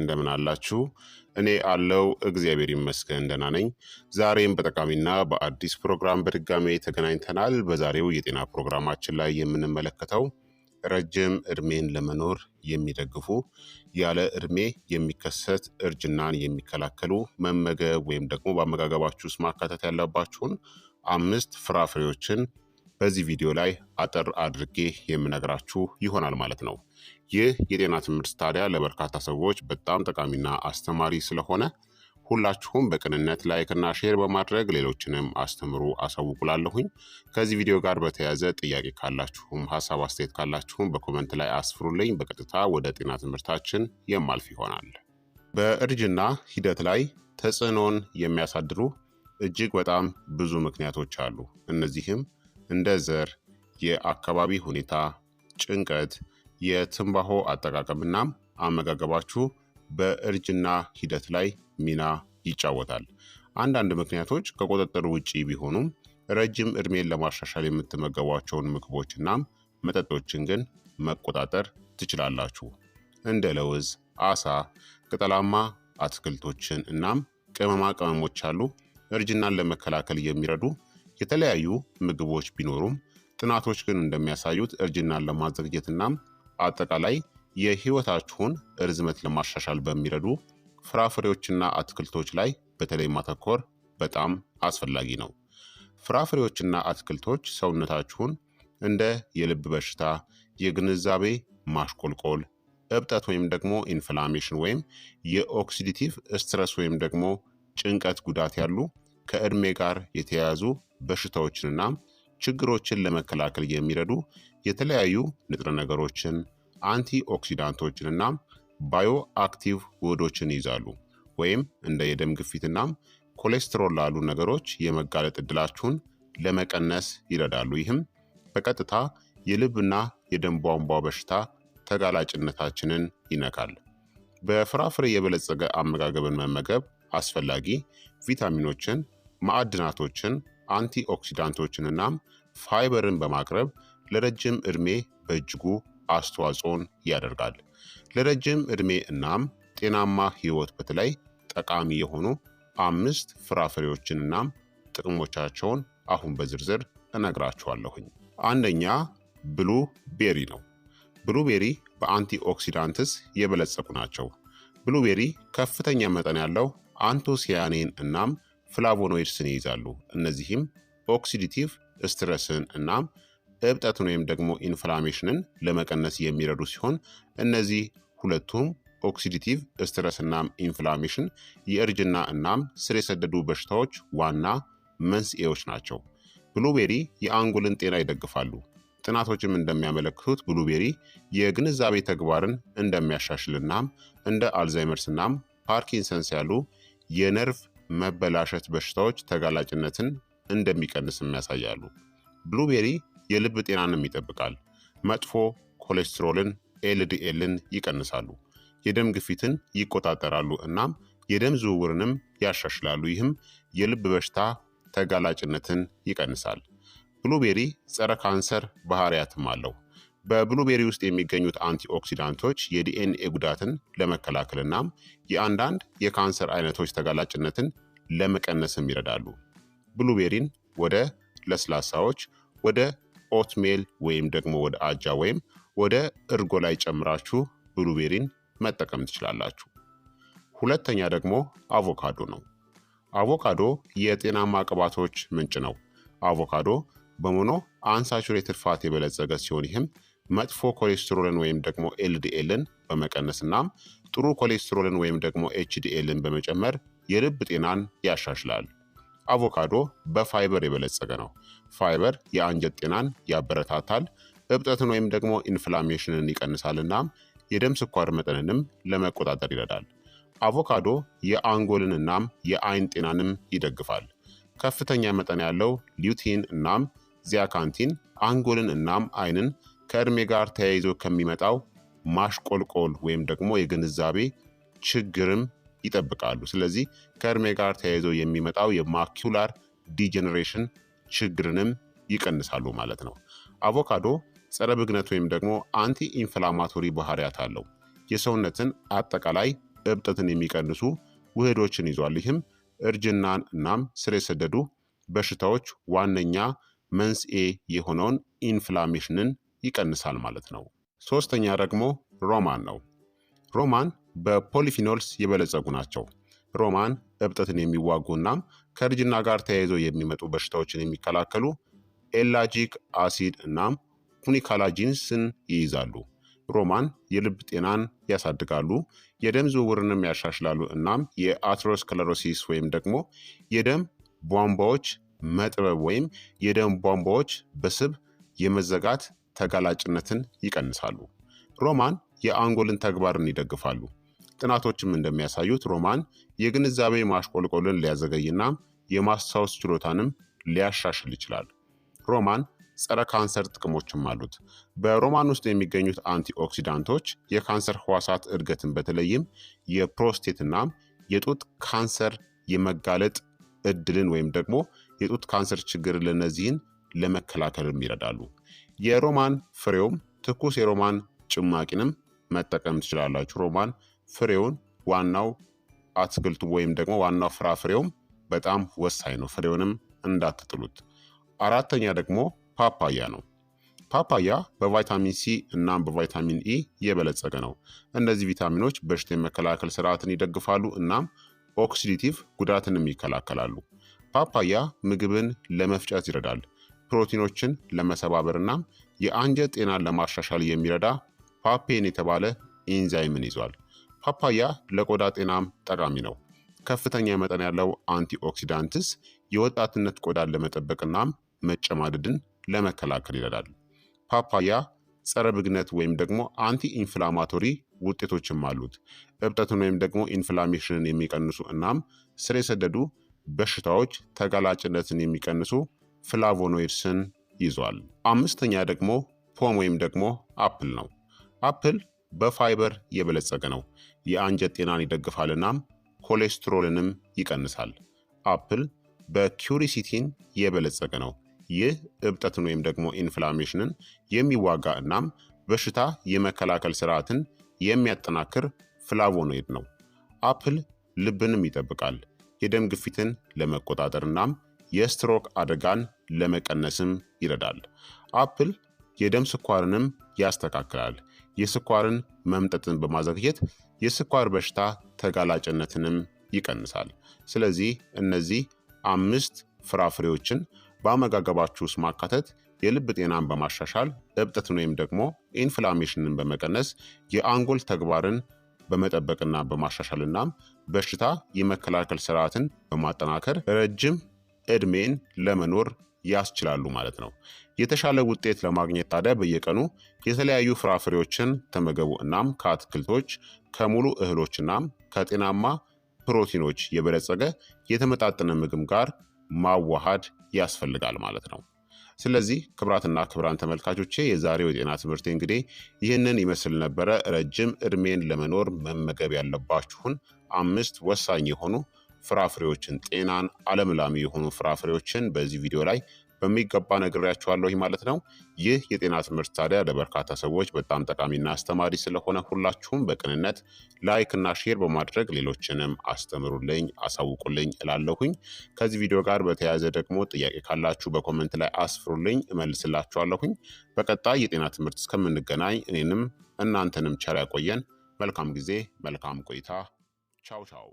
እንደምን አላችሁ? እኔ አለው እግዚአብሔር ይመስገን ደህና ነኝ። ዛሬም በጠቃሚና በአዲስ ፕሮግራም በድጋሜ ተገናኝተናል። በዛሬው የጤና ፕሮግራማችን ላይ የምንመለከተው ረጅም እድሜን ለመኖር የሚደግፉ ያለ እድሜ የሚከሰት እርጅናን የሚከላከሉ መመገብ ወይም ደግሞ በአመጋገባችሁ ውስጥ ማካተት ያለባችሁን አምስት ፍራፍሬዎችን በዚህ ቪዲዮ ላይ አጠር አድርጌ የምነግራችሁ ይሆናል ማለት ነው። ይህ የጤና ትምህርት ታዲያ ለበርካታ ሰዎች በጣም ጠቃሚና አስተማሪ ስለሆነ ሁላችሁም በቅንነት ላይክና ሼር በማድረግ ሌሎችንም አስተምሩ አሳውቁላለሁኝ። ከዚህ ቪዲዮ ጋር በተያያዘ ጥያቄ ካላችሁም ሀሳብ አስተያየት ካላችሁም በኮመንት ላይ አስፍሩልኝ። በቀጥታ ወደ ጤና ትምህርታችን የማልፍ ይሆናል። በእርጅና ሂደት ላይ ተጽዕኖን የሚያሳድሩ እጅግ በጣም ብዙ ምክንያቶች አሉ። እነዚህም እንደ ዘር፣ የአካባቢ ሁኔታ፣ ጭንቀት፣ የትንባሆ አጠቃቀምና አመጋገባችሁ በእርጅና ሂደት ላይ ሚና ይጫወታል። አንዳንድ ምክንያቶች ከቁጥጥር ውጪ ቢሆኑም ረጅም እድሜን ለማሻሻል የምትመገቧቸውን ምግቦችና መጠጦችን ግን መቆጣጠር ትችላላችሁ። እንደ ለውዝ፣ አሳ፣ ቅጠላማ አትክልቶችን እናም ቅመማ ቅመሞች አሉ እርጅናን ለመከላከል የሚረዱ የተለያዩ ምግቦች ቢኖሩም ጥናቶች ግን እንደሚያሳዩት እርጅናን ለማዘግጀትና አጠቃላይ የህይወታችሁን ርዝመት ለማሻሻል በሚረዱ ፍራፍሬዎችና አትክልቶች ላይ በተለይ ማተኮር በጣም አስፈላጊ ነው። ፍራፍሬዎችና አትክልቶች ሰውነታችሁን እንደ የልብ በሽታ፣ የግንዛቤ ማሽቆልቆል፣ እብጠት ወይም ደግሞ ኢንፍላሜሽን ወይም የኦክሲዲቲቭ ስትረስ ወይም ደግሞ ጭንቀት ጉዳት ያሉ ከእድሜ ጋር የተያያዙ በሽታዎችንና ችግሮችን ለመከላከል የሚረዱ የተለያዩ ንጥረ ነገሮችን አንቲ ኦክሲዳንቶችንና ባዮ አክቲቭ ውህዶችን ይይዛሉ ወይም እንደ የደም ግፊትናም ኮሌስትሮል ላሉ ነገሮች የመጋለጥ እድላችሁን ለመቀነስ ይረዳሉ። ይህም በቀጥታ የልብና የደም ቧንቧ በሽታ ተጋላጭነታችንን ይነካል። በፍራፍሬ የበለጸገ አመጋገብን መመገብ አስፈላጊ ቪታሚኖችን ማዕድናቶችን፣ አንቲ ኦክሲዳንቶችን እናም ፋይበርን በማቅረብ ለረጅም ዕድሜ በእጅጉ አስተዋጽኦን ያደርጋል። ለረጅም ዕድሜ እናም ጤናማ ህይወት በተለይ ጠቃሚ የሆኑ አምስት ፍራፍሬዎችን እናም ጥቅሞቻቸውን አሁን በዝርዝር እነግራችኋለሁኝ። አንደኛ ብሉ ቤሪ ነው። ብሉ ቤሪ በአንቲ ኦክሲዳንትስ የበለጸጉ ናቸው። ብሉ ቤሪ ከፍተኛ መጠን ያለው አንቶሲያኔን እናም ፍላቮኖይድስን ይይዛሉ። እነዚህም ኦክሲዲቲቭ ስትረስን እናም እብጠትን ወይም ደግሞ ኢንፍላሜሽንን ለመቀነስ የሚረዱ ሲሆን እነዚህ ሁለቱም ኦክሲዲቲቭ ስትረስ እናም ኢንፍላሜሽን የእርጅና እናም ስር የሰደዱ በሽታዎች ዋና መንስኤዎች ናቸው። ብሉቤሪ የአንጎልን ጤና ይደግፋሉ። ጥናቶችም እንደሚያመለክቱት ብሉቤሪ የግንዛቤ ተግባርን እንደሚያሻሽል እናም እንደ አልዛይመርስ እናም ፓርኪንሰንስ ያሉ የነርቭ መበላሸት በሽታዎች ተጋላጭነትን እንደሚቀንስም ያሳያሉ። ብሉቤሪ የልብ ጤናንም ይጠብቃል። መጥፎ ኮሌስትሮልን ኤልዲኤልን ይቀንሳሉ፣ የደም ግፊትን ይቆጣጠራሉ እናም የደም ዝውውርንም ያሻሽላሉ። ይህም የልብ በሽታ ተጋላጭነትን ይቀንሳል። ብሉቤሪ ጸረ ካንሰር ባህሪያትም አለው። በብሉቤሪ ውስጥ የሚገኙት አንቲኦክሲዳንቶች የዲኤንኤ ጉዳትን ለመከላከልና የአንዳንድ የካንሰር አይነቶች ተጋላጭነትን ለመቀነስም ይረዳሉ። ብሉቤሪን ወደ ለስላሳዎች፣ ወደ ኦትሜል ወይም ደግሞ ወደ አጃ ወይም ወደ እርጎ ላይ ጨምራችሁ ብሉቤሪን መጠቀም ትችላላችሁ። ሁለተኛ ደግሞ አቮካዶ ነው። አቮካዶ የጤናማ ቅባቶች ምንጭ ነው። አቮካዶ በሞኖ አንሳቹሬትድ ፋት የበለጸገ ሲሆን ይህም መጥፎ ኮሌስትሮልን ወይም ደግሞ ኤልዲኤልን በመቀነስና ጥሩ ኮሌስትሮልን ወይም ደግሞ ኤችዲኤልን በመጨመር የልብ ጤናን ያሻሽላል። አቮካዶ በፋይበር የበለጸገ ነው። ፋይበር የአንጀት ጤናን ያበረታታል፣ እብጠትን ወይም ደግሞ ኢንፍላሜሽንን ይቀንሳልና የደም ስኳር መጠንንም ለመቆጣጠር ይረዳል። አቮካዶ የአንጎልን እናም የአይን ጤናንም ይደግፋል። ከፍተኛ መጠን ያለው ሊዩቲን እናም ዚያካንቲን አንጎልን እናም አይንን ከእድሜ ጋር ተያይዞ ከሚመጣው ማሽቆልቆል ወይም ደግሞ የግንዛቤ ችግርም ይጠብቃሉ። ስለዚህ ከእድሜ ጋር ተያይዞ የሚመጣው የማኪላር ዲጀኔሬሽን ችግርንም ይቀንሳሉ ማለት ነው። አቮካዶ ጸረ ብግነት ወይም ደግሞ አንቲ ኢንፍላማቶሪ ባህሪያት አለው። የሰውነትን አጠቃላይ እብጠትን የሚቀንሱ ውህዶችን ይዟል። ይህም እርጅናን እናም ስር የሰደዱ በሽታዎች ዋነኛ መንስኤ የሆነውን ኢንፍላሜሽንን ይቀንሳል ማለት ነው። ሶስተኛ ደግሞ ሮማን ነው። ሮማን በፖሊፊኖልስ የበለጸጉ ናቸው። ሮማን እብጠትን የሚዋጉ እናም ከእርጅና ጋር ተያይዘው የሚመጡ በሽታዎችን የሚከላከሉ ኤላጂክ አሲድ እናም ኩኒካላጂንስን ይይዛሉ። ሮማን የልብ ጤናን ያሳድጋሉ፣ የደም ዝውውርንም ያሻሽላሉ እናም የአትሮስክለሮሲስ ወይም ደግሞ የደም ቧንቧዎች መጥበብ ወይም የደም ቧንቧዎች በስብ የመዘጋት ተጋላጭነትን ይቀንሳሉ። ሮማን የአንጎልን ተግባርን ይደግፋሉ። ጥናቶችም እንደሚያሳዩት ሮማን የግንዛቤ ማሽቆልቆልን ሊያዘገይና የማስታወስ ችሎታንም ሊያሻሽል ይችላል። ሮማን ጸረ ካንሰር ጥቅሞችም አሉት። በሮማን ውስጥ የሚገኙት አንቲኦክሲዳንቶች የካንሰር ህዋሳት እድገትን በተለይም የፕሮስቴትና የጡት ካንሰር የመጋለጥ እድልን ወይም ደግሞ የጡት ካንሰር ችግር ለነዚህን ለመከላከልም ይረዳሉ። የሮማን ፍሬውም ትኩስ የሮማን ጭማቂንም መጠቀም ትችላላችሁ። ሮማን ፍሬውን ዋናው አትክልቱ ወይም ደግሞ ዋናው ፍራፍሬውም በጣም ወሳኝ ነው። ፍሬውንም እንዳትጥሉት። አራተኛ ደግሞ ፓፓያ ነው። ፓፓያ በቫይታሚን ሲ እናም በቫይታሚን ኢ የበለጸገ ነው። እነዚህ ቪታሚኖች በሽታ የመከላከል ስርዓትን ይደግፋሉ እናም ኦክሲዲቲቭ ጉዳትንም ይከላከላሉ። ፓፓያ ምግብን ለመፍጨት ይረዳል። ፕሮቲኖችን ለመሰባበርና የአንጀት ጤናን ለማሻሻል የሚረዳ ፓፔን የተባለ ኢንዛይምን ይዟል። ፓፓያ ለቆዳ ጤናም ጠቃሚ ነው። ከፍተኛ መጠን ያለው አንቲኦክሲዳንትስ የወጣትነት ቆዳን ለመጠበቅናም መጨማደድን ለመከላከል ይረዳል። ፓፓያ ጸረ ብግነት ወይም ደግሞ አንቲ ኢንፍላማቶሪ ውጤቶችም አሉት። እብጠትን ወይም ደግሞ ኢንፍላሜሽንን የሚቀንሱ እናም ስር የሰደዱ በሽታዎች ተጋላጭነትን የሚቀንሱ ፍላቮኖይድስን ይዟል። አምስተኛ ደግሞ ፖም ወይም ደግሞ አፕል ነው። አፕል በፋይበር የበለጸገ ነው። የአንጀት ጤናን ይደግፋል እናም ኮሌስትሮልንም ይቀንሳል። አፕል በኪሪሲቲን የበለጸገ ነው። ይህ እብጠትን ወይም ደግሞ ኢንፍላሜሽንን የሚዋጋ እናም በሽታ የመከላከል ስርዓትን የሚያጠናክር ፍላቮኖይድ ነው። አፕል ልብንም ይጠብቃል። የደም ግፊትን ለመቆጣጠር እናም የስትሮክ አደጋን ለመቀነስም ይረዳል። አፕል የደም ስኳርንም ያስተካክላል። የስኳርን መምጠጥን በማዘግየት የስኳር በሽታ ተጋላጭነትንም ይቀንሳል። ስለዚህ እነዚህ አምስት ፍራፍሬዎችን በአመጋገባችሁ ውስጥ ማካተት የልብ ጤናን በማሻሻል እብጠትን ወይም ደግሞ ኢንፍላሜሽንን በመቀነስ የአንጎል ተግባርን በመጠበቅና በማሻሻልና በሽታ የመከላከል ስርዓትን በማጠናከር ረጅም እድሜን ለመኖር ያስችላሉ ማለት ነው። የተሻለ ውጤት ለማግኘት ታዲያ በየቀኑ የተለያዩ ፍራፍሬዎችን ተመገቡ። እናም ከአትክልቶች ከሙሉ እህሎች እናም ከጤናማ ፕሮቲኖች የበለጸገ የተመጣጠነ ምግብ ጋር ማዋሃድ ያስፈልጋል ማለት ነው። ስለዚህ ክብራትና ክብራን ተመልካቾቼ የዛሬው የጤና ትምህርቴ እንግዲህ ይህንን ይመስል ነበረ። ረጅም እድሜን ለመኖር መመገብ ያለባችሁን አምስት ወሳኝ የሆኑ ፍራፍሬዎችን፣ ጤናን አለምላሚ የሆኑ ፍራፍሬዎችን በዚህ ቪዲዮ ላይ በሚገባ ነግሬያችኋለሁ ማለት ነው። ይህ የጤና ትምህርት ታዲያ ለበርካታ ሰዎች በጣም ጠቃሚና አስተማሪ ስለሆነ ሁላችሁም በቅንነት ላይክ እና ሼር በማድረግ ሌሎችንም አስተምሩልኝ፣ አሳውቁልኝ እላለሁኝ። ከዚህ ቪዲዮ ጋር በተያያዘ ደግሞ ጥያቄ ካላችሁ በኮመንት ላይ አስፍሩልኝ፣ እመልስላችኋለሁኝ። በቀጣይ የጤና ትምህርት እስከምንገናኝ እኔንም እናንተንም ቸር ያቆየን። መልካም ጊዜ፣ መልካም ቆይታ። ቻው ቻው።